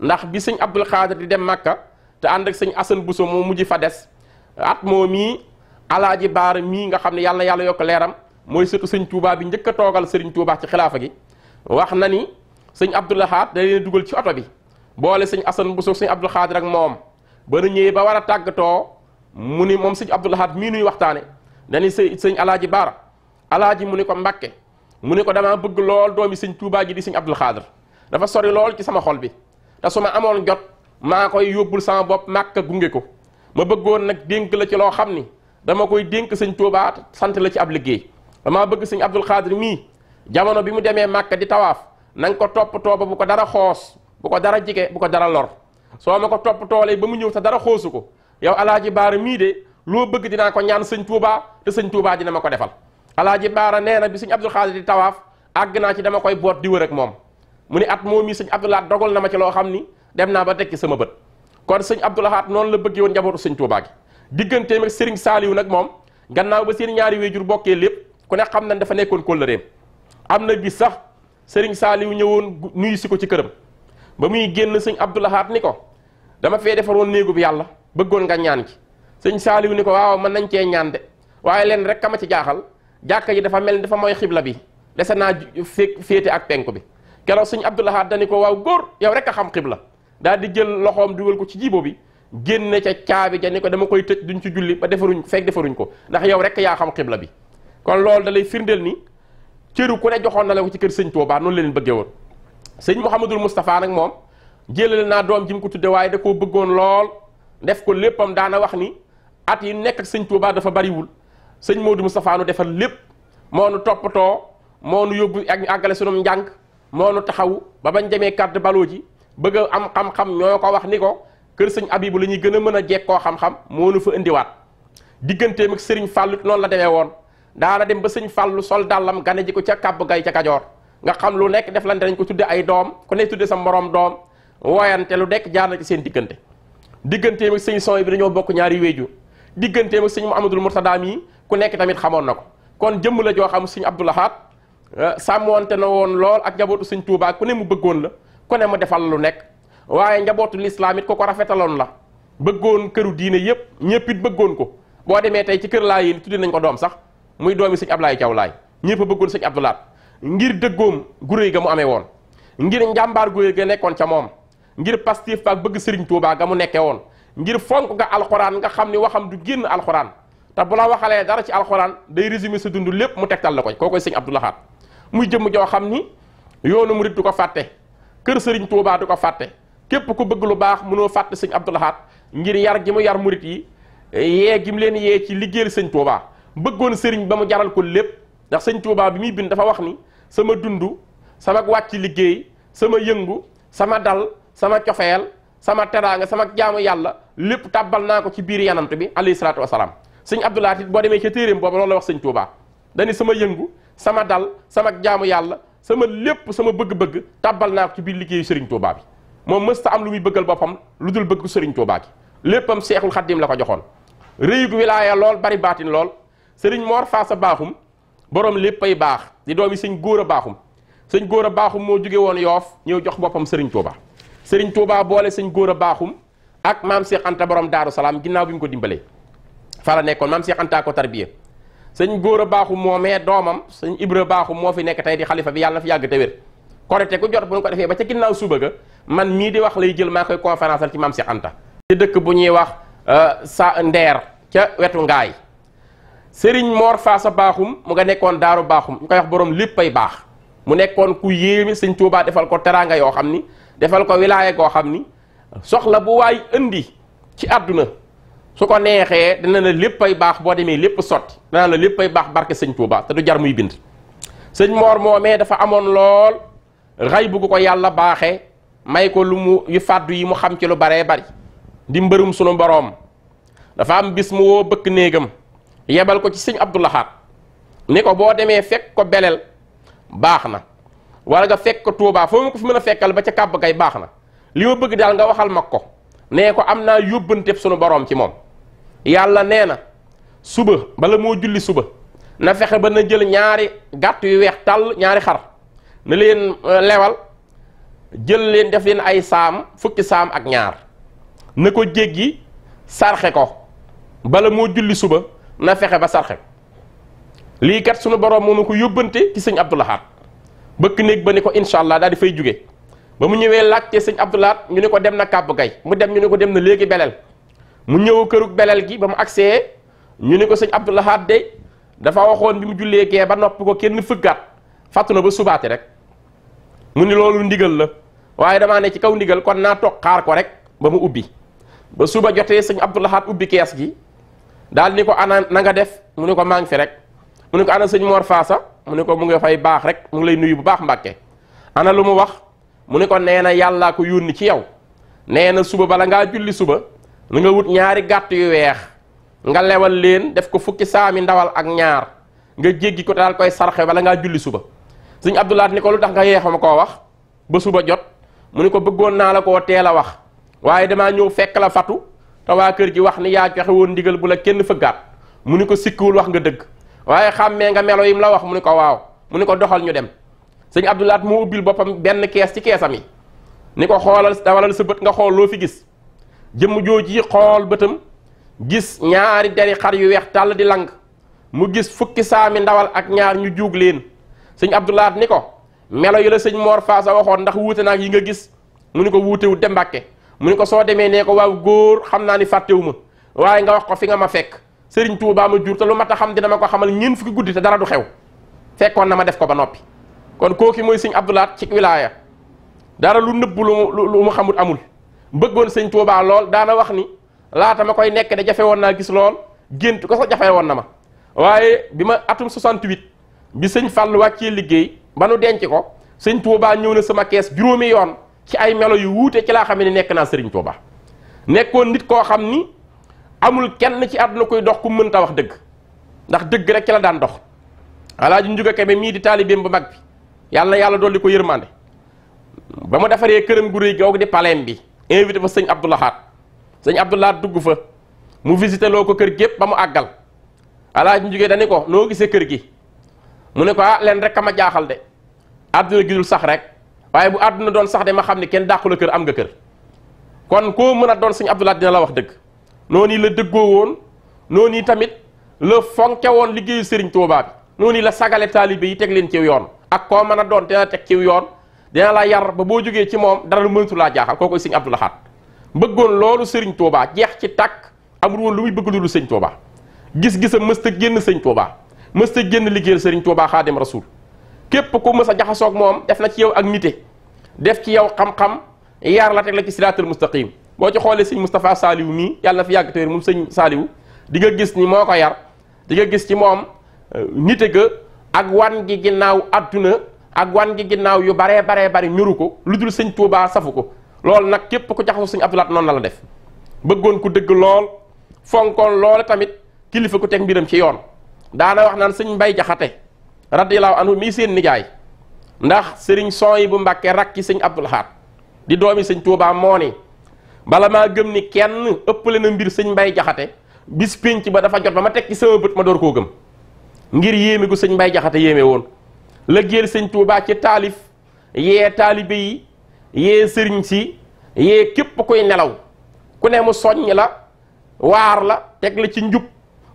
ndax bi sëñ Abdul Xaadir di dem Màkka te ànd ak sëñ Asan Buso moo mujj fa des at moo mii alaaji baara mii nga xam ne yàlla yàlla yokk leeram mooy surtout sëñ Tuubaa bi njëkk toogal sëriñ Tuubaa ci xilaafa gi wax na ni sëñ Abdul Xaadir da leen dugal ci oto bi boole sëñ Asan Buso sëñ Abdul Xaadir moom ba nu ñëwee ba war a tàggatoo mu ni moom sëñ Abdou Lahad mii nuy waxtaane dañuy sëñ sëñ alaaji baara alaaji mu ni ko mbàkke mu ni ko damaa bëgg lool doomi sëñ Tuubaa ji di sëñ Abdul Xaadir dafa sori lool ci sama xol bi te su ma amoon jot maa koy yóbbul sama bopp màkka gunge ko ma bëggoon nag dénk la ci loo xam ni dama koy dénk sëñ Tuubaa sant la ci ab liggéey damaa bëgg sëñ Abdul Xaadir mii jamono bi mu demee màkka di tawaaf na ko toppatoo ba bu ko dara xoos bu ko dara jige bu ko dara lor soo ma ko topp toolee ba mu ñëw sa dara xoosu ko yow alaaji baara mii de loo bëgg dinaa ko ñaan sëñ Touba te sëñ tuubaa dina ma ko defal alaaji baara nee na bi sëñ Abdul Xaadir di tawaaf àgg naa ci dama koy boot di wër ak moom mu ne at moom mii sëñ Abdoulaat dogal na ma ci loo xam ni dem naa ba teg sama bët kon sëñ Abdoulaat noonu la bëggee woon njabootu sëñ Touba gi digganteem ak Serigne Saliou nag moom gannaaw ba seen ñaari wéjur bokkee lépp ku ne xam nañ dafa nekkoon kóllëreem am na bis sax Serigne Saliou ñëwoon nuyu si ko ci këram ba muy génn sëñ Abdoulaat ni ko dama fee defaroon néegub yàlla bëggoon nga ñaan ci sëñ saaliw ni ko waaw mën nañ cee ñaan de waaye leen rek kama ci jaaxal jàkka yi dafa mel ni dafa mooy xibla bi dese naa fekk féete ak penk bi keroog sëñ abdoulahaat dani ko waaw góor yow rek a xam xibla daal di jël loxoom dugal ko ci jibo bi génne ca caabi ja ni ko dama koy tëj duñ ci julli ba defaruñ fekk defaruñ ko ndax yow rek yaa xam xibla bi kon loolu dalay lay firndeel ni cëru ku ne joxoon na ko ci kër sëñ Tuubaa noonu leen bëggee woon sëñ Mouhamadul Moustapha nag moom jëlal naa doom ji mu ko tudde waaye da koo bëggoon lool def ko léppam daana wax ni at yi nekk ak sëñ Touba dafa bariwul sëñ Modou Moustapha nu defal lépp moo nu toppatoo moo nu yóbbu ak ñu àggale sunum njàng moo nu taxaw ba bañ demee carte baloo ji bëgg a am xam-xam ñoo ko wax ni ko kër sëñ Abibu la ñuy gën a mën a jekkoo xam-xam moo nu fa indiwaat digganteem ak sëriñ Fàllu noonu la demee woon daana dem ba sëñ Fàllu sol dàllam gane ji ko ca kàbb gay Kajoor nga xam lu nekk def lan dañ ko tudde ay doom ku nekk tudde sa moroom doom woyante lu dekk jaar na ci seen diggante digganteem ak sëñ son bi dañoo bokk ñaari wéeju digganteem ak sëñ Muhammadul Murtada mi ku nekk tamit xamoon na ko kon jëmm la joo xam sëñ Abdul Ahad eh, sàmmoonte na woon lool ak njabootu sëñ Tuubaa ku ne mu bëggoon la kone ne mu defal lu nekk waaye njabootu lislaam it ko ko rafetaloon la bëggoon këru diine yëpp ñëpp it bëggoon ko boo demee tey ci kër laa yi tudde nañ ko doom sax muy doomi sëñ Ablaay Caw Laay ñëpp a bëggoon sëñ Abdul ngir dëggoom guréy ga mu amee woon ngir njàmbaar guréy ga nekkoon ca moom ngir Pastef ak bëgg Serigne Touba ga mu nekkee woon ngir fonk nga alxuraan nga xam ni waxam du génn alxuraan te bu la waxalee dara ci alxuraan day résumé sa dund lépp mu tegtal la ko kookoy sëñ Abdou Lahad muy jëmm joo xam ni yoonu murit du ko fàtte kër Serigne Touba du ko fàtte képp ku bëgg lu baax mënoo fàtte sëñ Abdou Lahad ngir yar gi mu yar murit yi yee gi mu leen yee ci liggéeyal sëñ Touba bëggoon sëriñ ba mu jaral ko lépp ndax sëñ Touba bi muy bind dafa wax ni sama dund sama wàcc liggéey sama yëngu sama dal sama cofeel sama teraanga sama jaamu yàlla lépp tàbbal naa ko ci biir yanant bi alayhi salaatu wasalaam sëñ abdoulaat boo demee ca téeréem booba loolu la wax sëñ Touba dani sama yëngu sama dal sama jaamu yàlla sama lépp sama bëgg-bëgg tàbbal naa ko ci biir liggéeyu sëriñ Touba bi moom mësta am lu muy bëggal boppam lu dul bëgg sëriñ Touba gi léppam seexul xaddim la ko joxoon réyug wilaaya lool bari baatin lool sëriñ Mor sa baaxum borom léppay baax di doomi sëñ góor a baaxum sëñ góor a moo jóge woon yoof ñëw jox boppam sëriñ Touba sëriñ Touba boole sañ góor a baaxum ak maam Cheikh Anta borom Daaru Salaam ginnaaw bi mu ko dimbalee fa la nekkoon maam Cheikh Anta ko tarbiya sëñ góor a baaxum moomee doomam sëñ Ibra baaxum moo fi nekk tey di xalifa bi yàlla na fi yàgg te wér korite ku jot bu ñu ko defee ba ca ginnaaw suba ga man mii di wax lay jël maa koy conférence ci maam Cheikh Anta ci dëkk bu ñuy wax euh, sa ndeer ca wetu ngaay sëriñ Mor Faasa baaxum mu nga nekkoon daaru baaxum ñu koy wax borom léppay baax mu nekkoon ku yéeme sëñ Touba defal ko teraanga yoo xam ni defal ko wilaaya koo xam ni soxla bu waay indi ci àdduna su ko neexee dana lépp ay baax boo demee lépp sotti dana lépp ay baax barke sëñ Touba te du jar muy bind sëñ Mor moomee dafa amoon lool ray bu ko yàlla baaxee may ko lu mu yu fàddu yi mu xam ci lu baree bari di mbërum sunu boroom dafa am bis mu woo bëkk néegam yebal ko ci sëñ Abdou ni ko boo demee fekk ko belel baax na wala nga fekk ko Touba foo nga ko fi mën a fekkal ba ca kàbb gay baax na li ma bëgg daal nga waxal ma ko nee ko am naa yóbbante sunu boroom ci moom yàlla nee na suba bala moo julli suba na fexe ba na jël ñaari gàtt yu weex tàll ñaari xar leen euh, lewal jël leen def leen ay saam fukki saam ak ñaar na ko jéggi sarxe ko bala moo julli suba na fexe ba sarxe ko lii kat sunu borom moom a ko yóbbante ci sëñ Abdou bëkk néeg ba ni ko incha allah daal di fay jóge ba mu ñëwee laajte sëñ abdulaat ñu ne ko dem na kàbb gay mu dem ñu ne ko dem na léegi belel mu ñëw këru beleel gi ba mu agsee ñu ne ko sëñ abdulahaat de dafa waxoon bi mu jullee gee ba nopp ko kenn fëggaat fàttu na ba subaate rek mu ni loolu ndigal la waaye damaa ne ci kaw ndigal kon naa toog xaar ko rek ba mu ubbi ba suba jotee sëñ abdulahaat ubbi kees gi daal ni ko ana na nga def mu ne ko maa ngi fi rek mu ne ko sëñ Mor Faasa mu ne ko mu nga fay baax rek mu ngi lay nuyu bu baax mbàkke ana lu mu wax mu ne ko nee na yàllaa ko yónni ci yow nee na suba bala ngaa julli suba lu nga wut ñaari gàtt yu weex nga lewal leen def ko fukki saami ndawal ak ñaar nga jéggi ko daal koy sarxe bala ngaa julli suba sëñ abdulaat ni ko lu tax nga yeexa ma koo wax ba suba jot mu ne ko bëggoon naa la koo teel a wax waaye damaa ñëw fekk la fatu te waa kër gi wax ni yaa joxe woon ndigal bu la kenn fëggaat mu ni ko sikkiwul nga dëgg waaye xàmmee nga melo yim la wax mu ne ko waaw mu ne ko doxal ñu dem sëñ abdulaat moo ubbil boppam benn kees ci keesam yi ni ko xoolal dawalal sa bët nga xool loo fi gis jëmm jooji xool bëtam gis ñaari deri xar yu weex tàll di lang mu gis fukki saami ndawal ak ñaar ñu juug leen sëñ abdulaat ni ko melo yi la sëñ Mor Faasa waxoon ndax wuute naag yi nga gis mu ni ko wuutewut de mbàkke mu ni ko soo demee nee ko waaw góor xam naa ni fàttewuma waaye nga wax ko fi nga ma fekk sëriñ Touba ma jur te lu mat a xam dina ma ko xamal ñeent fukki guddi te dara du xew fekkoon na ma def ko ba noppi kon kooki mooy sëñ Abdoulaat ci wilaaya dara lu nëbb lu lu mu xamul amul bëggoon sëñ Touba lool daana wax ni laata ma koy nekk de jafe woon naa gis lool gént ko sax jafe woon na ma waaye bi ma atum 68 bi sëñ Fall wàccee liggéey ba nu denc ko sëñ Touba ñëw na sama kees juróomi yoon ci ay melo yu wuute ci laa xam ne nekk naa sëriñ Touba nekkoon nit koo xam ni. amul kenn ci àdduna koy dox ku mënta wax dëgg ndax dëgg rek ci la daan dox alaaji njuga kebe mii di taalibeem bu mag bi yàlla na yàlla dolli ko yërmande ba mu defaree këram gu réy googu di paleem bi invité fa sëñ Abdou sëñ Abdou Lahad dugg fa mu visité loo ko kër gépp ba mu àggal alaaji njuga dani ko noo gisee kër gi mu ne ko ah leen rek ma jaaxal de àdduna gidul sax rek waaye bu àdduna doon sax de ma xam ne kenn dàqu la kër am nga kër kon koo mën a doon sëñ Abdou Lahad la wax dëgg noonu la dëggoo woon noonu tamit la fonke woon liggéeyu sëriñ Tuubaa bi noonu la sagale taalibe yi teg leen ci yoon ak koo mën a doon dina teg ci yoon dina la yar ba boo jógee ci moom dara lu mëntu laa jaaxal kooku sëriñ Abdou Lahad bëggoon loolu sëriñ Tuubaa jeex ci tàkk amul woon lu muy bëgg lu sëriñ Tuubaa gis-gisam mësta génn sëriñ Tuubaa mësta génn liggéeyal sëriñ Tuubaa Xaadim Rasuul képp ku mës a jaxasoog moom def na ci yow ak nite def ci yow xam-xam yar la teg la ci siraatal boo ci xoolee sëñ Moustapha Saliou mii yàlla na fi yàgg téer moom sëñ Saliou di nga gis ni moo ko yar di gis ci moom euh, nite ga ak wan gi ginnaaw adduna ak wan gi ginnaaw yu baree baree bari ñuru ko lu dul sëñ Touba safu ko loolu nag képp ku jaxasoo sëñ Abdoulaat noonu la la def bëggoon ku dëgg lool fonkoon loole tamit kilifa ko teg mbiram ci yoon daana wax naan sëñ Mbay Jaxate radiyallahu anhu mii seen nijaay ndax sëriñ son yi bu Mbàkke rakki sëñ Abdoulahat di doomi sëñ Touba moo ni bala maa gëm ni kenn ëppale na mbir sëñ mbay jaxate bis pénc ba dafa jot ba ma teg ci sama bët ma door koo gëm ngir yéeme gu sëñ mbay jaxate yéeme woon la géer sëñ tuubaa ci taalif yee taalibe yi yee sëriñ si yee képp koy nelaw ku ne mu soññ la waar la teg la ci njub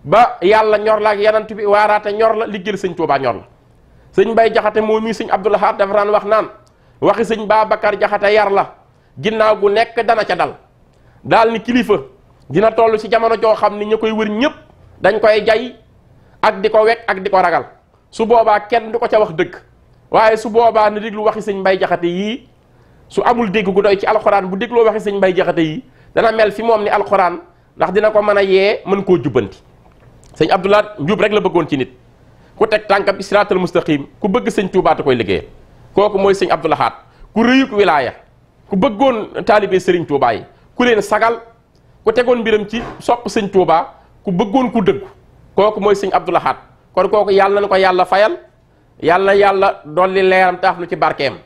ba yàlla ñor la ak bi waaraate ñor la liggéeyal sëñ tuubaa ñor la sëñ bay jaxate moo mii sëñ abdulahaat dafa daan wax naan waxi sëñ babacar jaxate yar la ginnaaw gu nekk dana ca dal daal ni kilifa dina toll ci jamono joo xam ni ñu koy wër ñëpp dañ koy jay ak di ko wekk ak di ko ragal su boobaa kenn du ko ca wax dëgg waaye su boobaa ne déglu waxi sëñ mbay jaxate yii su amul dégg gu doy ci alxuraan bu dégloo waxi sañ mbay jaxate yii dana mel fi moom ni alxuraan ndax dina ko mën a yee mën koo jubbanti sëñ abdoulaat njub rek la bëggoon ci nit ku teg tànkam isiraatal mustaqim ku bëgg sëñ tuubaa koy liggéeyal kooku mooy sëñ abdoulahaat ku rëyuk wilaaya ku bëggoon taalibee sëriñ tuubaa ku leen sagal ku tegoon mbiram ci sopp sëñ Touba ku bëggoon ku dëgg kooku mooy sëñ Abdou kon kooku yàlla na ko yàlla fayal yàlla na yàlla dolli leeram taaf nu ci barkeem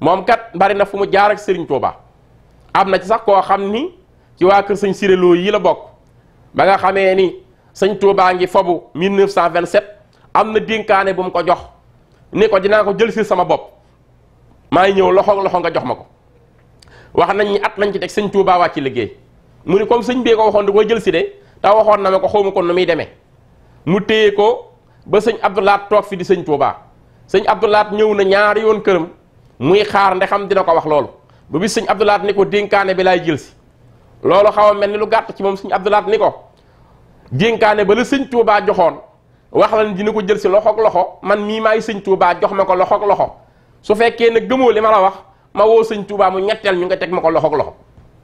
moom kat bari na fu mu jaar ak sëriñ Touba am na ci sax koo xam ni ci waa kër sëñ Siréloo yi la bokk ba nga xamee ni sëñ Touba ngi fobu 1927 am na dénkaane bu mu ko jox ni ko dinaa ko jël si sama bopp maay ñëw loxo loxo nga jox ma ko. wax nañ ni at lañ ci teg sëñ Touba wàcc ci liggéey mu ni comme sëñ bee ko waxoon di koy jël si de te waxoon na ma ko xawma ko nu muy demee mu téye ko ba sëñ Abdoulaat toog fi di sëñ Touba sëñ Abdoulaat ñëw na ñaari yoon këram muy xaar nde xam dina ko wax loolu ba bi sëñ Abdoulaat ni ko dénkaane bi laay jël si loolu xaw a mel ni lu gàtt ci moom sëñ Abdoulaat ni ko dénkaane ba la sëñ tuubaa joxoon wax la dina ko jël si loxoog loxo man mii maay sëñ Touba jox ma ko loxoog loxo su fekkee ne gëmoo li ma wax mawoo woo sëñ mu ñetteel ñu nga teg ma ko loxook loxo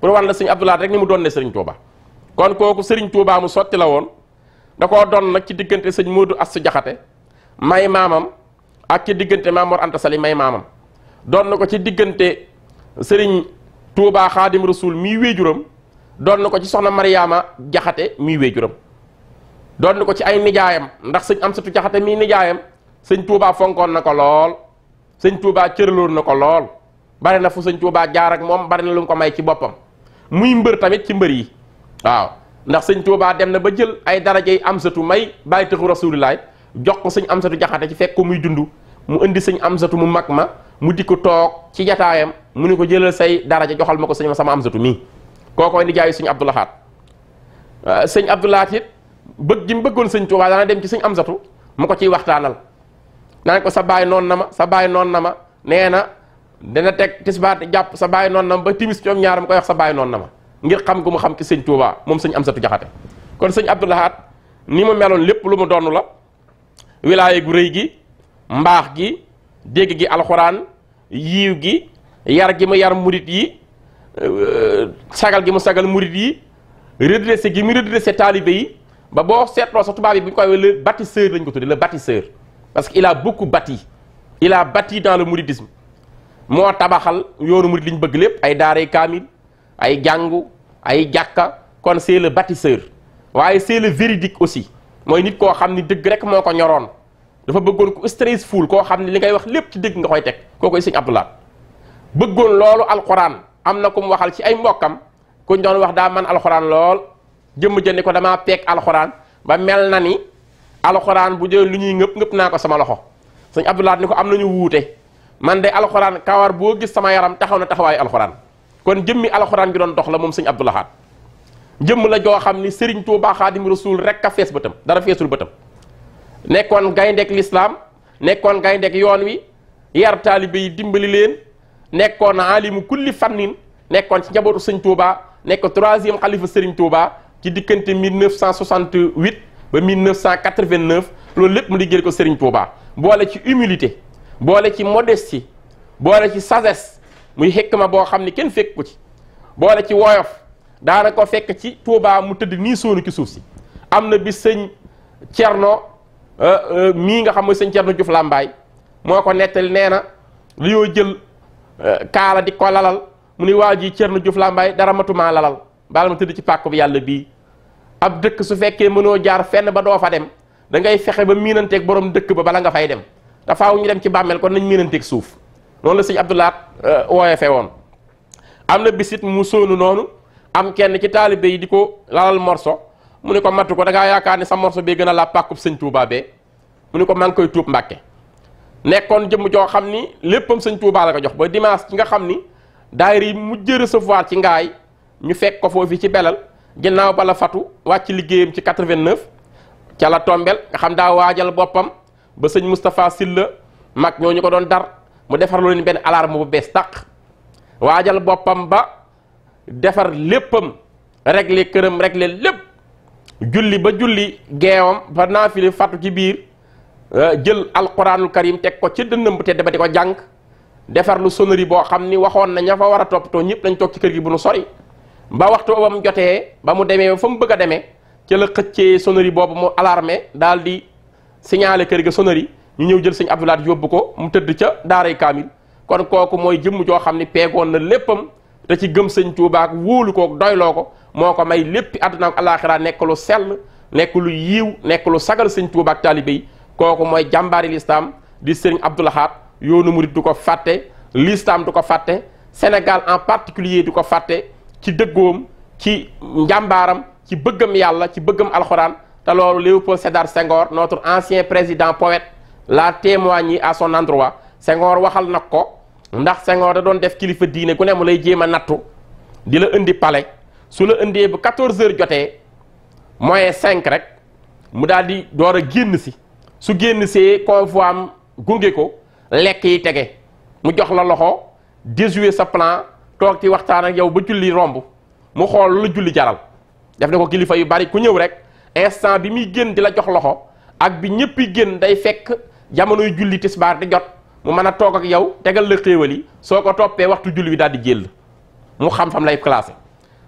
pour wan la sëñ Abdou rek ni mu doon ne sëriñ Touba kon kooku sëriñ Touba mu sotti la woon da koo doon nag ci diggante sëñ as Astou Diakhaté may maamam ak ci diggante Maam Mor Anta may maamam doon na ko ci diggante sëriñ Touba Xaadim Rasul mii wéejuram doon na ko ci soxna Mariama Diakhaté mii wéejuram doon na ko ci ay nijaayam ndax sëñ Amsatu Diakhaté mii nijaayam sëñ Touba fonkoon na ko lool sëñ Touba cëraloon na ko lool bari na fu sëñ Tuubaa jaar ak moom bari na lu mu ko may ci boppam muy mbër tamit ci mbër yi waaw ndax sëñ Tuubaa dem na ba jël ay darajey amsatu may bàyyi tëxu rasulilaay jox ko sëñ amsatu jaxate ci fekk ko muy dund mu indi sëñ amsatu mu mag ma mu di ko toog ci jataayam mu ni ko jëlal say daraja joxal ma ko sëñ ma sama amsatu mii kookooy nijaayu sëñ abdoulahaat euh, sëñ abdoulahaat it bëgg gi mu bëggoon sëñ Tuubaa daana dem ci sëñ amsatu mu ko ciy waxtaanal naan ko sa baay noon na sa baay noon na ma nee na dana teg tisbaar jàpp sa baay noon na ma ba timis ñoom ñaaram koy wax sa baay noon na ma ngir xam gu mu xam ci sëñ Touba moom sëñ Amsatu Jaxate kon sëñ Abdou ni mu meloon lépp lu mu doon la wilaaye gu rëy gi mbaax gi dégg gi alxuraan yiiw gi yar gi mu yar murit yi euh, sagal gi mu sagal murit yi redressé gi mu redressé taalibe yi ba boo seetloo sa tubaab yi bu ñu koy waxee le bâtisseur lañ ko tuddee le bâtisseur parce que il a beaucoup bâti il a bâti dans le mouridisme moo tabaxal yoonu murid li ñu bëgg lépp ay daaray kaamil ay jàngu ay jàkka kon c'est le bâtisseur waaye c'est le véridique aussi mooy nit koo xam ni dëgg rek moo ko ñoroon dafa bëggoon ku stressful koo xam ne li ngay wax lépp ci dëgg nga koy teg koo koy sëñ Abdoulaat bëggoon loolu alxuraan am na ku mu waxal ci ay mbokkam ku ñu doon wax daa man alxuraan lool jëm jëndi ko damaa peeg alxuraan ba mel na ni alxuraan bu jël li ñuy ngëpp ngëpp naa ko sama loxo sëñ Abdoulaat ni ko am nañu wuute man de alxuraan kawar boo gis sama yaram taxaw na taxawaayu alxuraan kon jëmmi alxuraan gi doon dox la moom sëñ Abdou Lahad jëmm la joo xam ni Serigne Touba Xaadim Rasul rek a fees bëtam dara feesul bëtam nekkoon gayndeek lislaam nekkoon gayndeek yoon wi yar taalibe yi dimbali leen nekkoon alimu kulli fannin nekkoon ci njabootu sëñ Touba nekk troisième xalifa Serigne Touba ci diggante 1968 ba 1989 loolu lépp mu liggéey ko Serigne Touba boole ci humilité. boole ci modestie boole ci sagesse muy ma boo xam ni kenn fekk ko ci boole ci woyof daana ko fekk ci Touba mu tëdd nii sóonu ci suuf si am na bi sëñ Cerno euh, euh, mii nga xam mooy sëñ Cerno Juuf Làmbaay moo ko nettali nee na li yoo jël euh, kaala di ko lalal mu ni waa ji Cerno Juuf Làmbaay dara matumaa lalal baal mu tëdd ci pàkk bi yàlla bii ab dëkk su fekkee mënoo jaar fenn ba doo fa dem da ngay fexe ba miinanteeg borom dëkk ba bala nga fay dem te faaw ñu dem ci bàmmeel kon nañ mënanteeg suuf noonu la sëñ Abdoulaat wooyee euh, fee woon am na bisit mu sóonu noonu am kenn ci taalibe yi di ko lalal morso mu ne ko mattu ko da ngaa yaakaar ne sa morso bee gën a la pàkkub sëñ Touba bee mu ne ko maa ngi koy tuub Mbàkke nekkoon jëmm joo xam ni léppam sëñ Touba la ko jox ba dimaas ci nga xam ni daayira yi mujj recevoir ci ngaay ñu fekk ko foofu ci belal ginnaaw ba la fatu wàcc liggéeyam ci 89 ca la tombel xam daa waajal boppam. ba sëñ Moustapha Sylla mag ñooñu ko doon dar mu defar loo leen benn alarme bu bees tàq waajal boppam ba defar léppam regle këram réglé lépp julli ba julli geewam ba naafile fattu ci biir euh, jël alquranul karim teg ko ci dënnam bu tedd ba di ko jàng defar lu sonori boo xam ni waxoon na ña fa war a toppatoo ñëpp dañ toog ci kër gi bu nu sori ba waxtu ba mu jotee ba mu demee fa mu bëgg a demee ci la xëccee sonori boobu mu alarmé daal di. signalé kër ga sonnerie ñu ñëw jël sëñ Abdoulaye yóbbu ko mu tëdd ca daaray kaamil kon kooku mooy jëmm joo xam ne peegoon na léppam te ci gëm sëñ tuubaak wóolu ko doyloo ko moo ko may lépp àdduna ak alaaxira nekk lu sell nekk lu yiiw nekk lu sagal sëñ tuubaak ak taalibe yi kooku mooy jàmbaari lislaam di sëriñ Abdou yoonu murit du ko fàtte lislaam du ko fàtte Sénégal en particulier du ko fàtte ci dëggoom ci njàmbaaram ci bëggam yàlla ci bëggam alxuraan te loolu Léopold Sédar Senghor notre ancien président poète la témoigné à son endroit Senghor waxal nag ko ndax Senghor da doon def kilifa diine ku ne mu lay jéem a nattu di la indi pale su la indee bu 14 heures jotee moins 5 rek mu daal di door a génn si su génn see convoi am gunge ko lekk yi tege mu jox la loxo déjouer sa plan toog ci waxtaan ak yow ba julli romb mu xool lu julli jaral def na ko kilifa yu bari ku ñëw rek. instant bi muy génn di la jox loxo ak bi ñëpp génn day fekk jamonoy julli tisbaar di jot mu mën a toog ak yow tegal la xéewal yi soo ko toppee waxtu julli bi daal di jël mu xam fam lay classé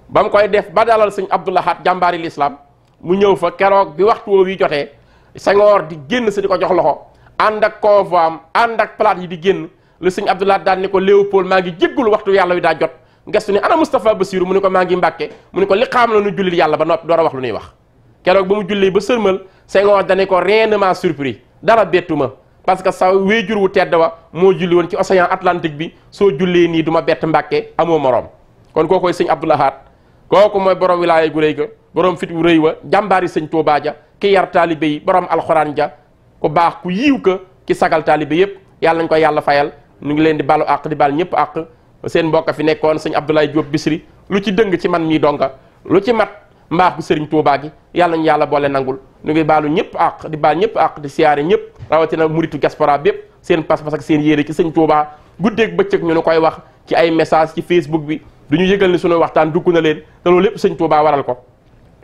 ba mu koy def ba dalal sañ Abdou Lahad jàmbaari lislaam mu ñëw fa keroog bi waxtu woowu yi jotee Senghor di génn si di ko jox loxo ànd ak convoi am ànd ak palaat yi di génn le sëñ Abdou Lahad daan ni ko Léopold maa ngi jéggul waxtu yàlla wi daa jot ngestu ni ana Moustapha Bassirou mu ni ko maa ngi mu ni ko li xaam la nu jullil ba noppi door wax lu nuy wax keroog ba mu jullee ba sërmal Senghor dane ko rien ne m'a dara bettu ma parce que sa wéejur wu tedd wa moo julli woon ci océan Atlantique bi soo jullee nii duma bett mbàkke amoo moroom kon koo koy sëñ Abdou Lahad kooku mooy borom wilaaye gu rëy ga borom fit wu rëy wa jàmbaari sëñ Tuubaa ja ki yar taalibe yi borom alxuraan ja ku baax ku yiw ka ki sagal taalibe yépp yàlla nañ ko yàlla fayal ñu ngi leen di balu àq di bal ñëpp àq seen mbokk fi nekkoon sëñ Abdoulaye Diop Bisri lu ci dëng ci man mii donga lu ci mat mbaax gu sëriñ Tuubaa gi yàlla ñu yàlla boole nangul ñu ngi baalu ñëpp àq di baal ñëpp àq di siyaare ñëpp rawatina muritu gaspora bépp seen pas-pas ak seen yéene ci sëñ Tuubaa guddeeg bëccëg ñu nu koy wax ci ay message ci Facebook bi du ñu yëgal ni waxtaan dugg na leen te loolu lépp sëñ Tuubaa waral ko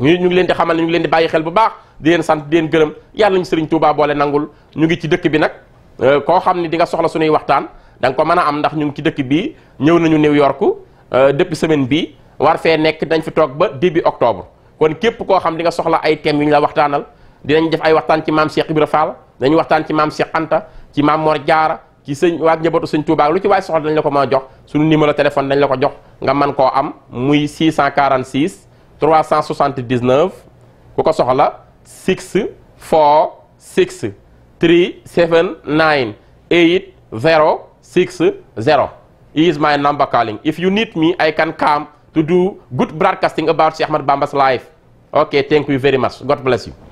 ñu ngi leen di xamal ne ñu ngi leen di bàyyi xel bu baax di leen sant di leen gërëm yàlla ñu sëriñ Tuubaa boole nangul ñu ngi ci dëkk bi nag euh, koo xam ni di nga soxla sunuy waxtaan danga ko mën a am ndax ñu ngi ci dëkk bi ñëw nañu New York euh, depuis semaine bii war fee nekk dañ fi toog ba début octobre kon képp koo xam di nga soxla ay thèmes yu ñu la waxtaanal dinañ def ay waxtaan ci maam Cheikh Ibra Fall dinañ waxtaan ci maam Cheikh Anta ci maam Mor Jaara ci sëñ waa njabootu sëñ Touba lu ci waay soxla dañ la ko mën jox suñu numéro téléphone dañ la ko jox nga man koo am muy 646 379 ku ko soxla 6 4 6 3 7 9 8 0 6 0 is my number calling if you need me I can come to do good broadcasting about Sheikh Ahmad Bamba's life. Okay, thank you very much. God bless you.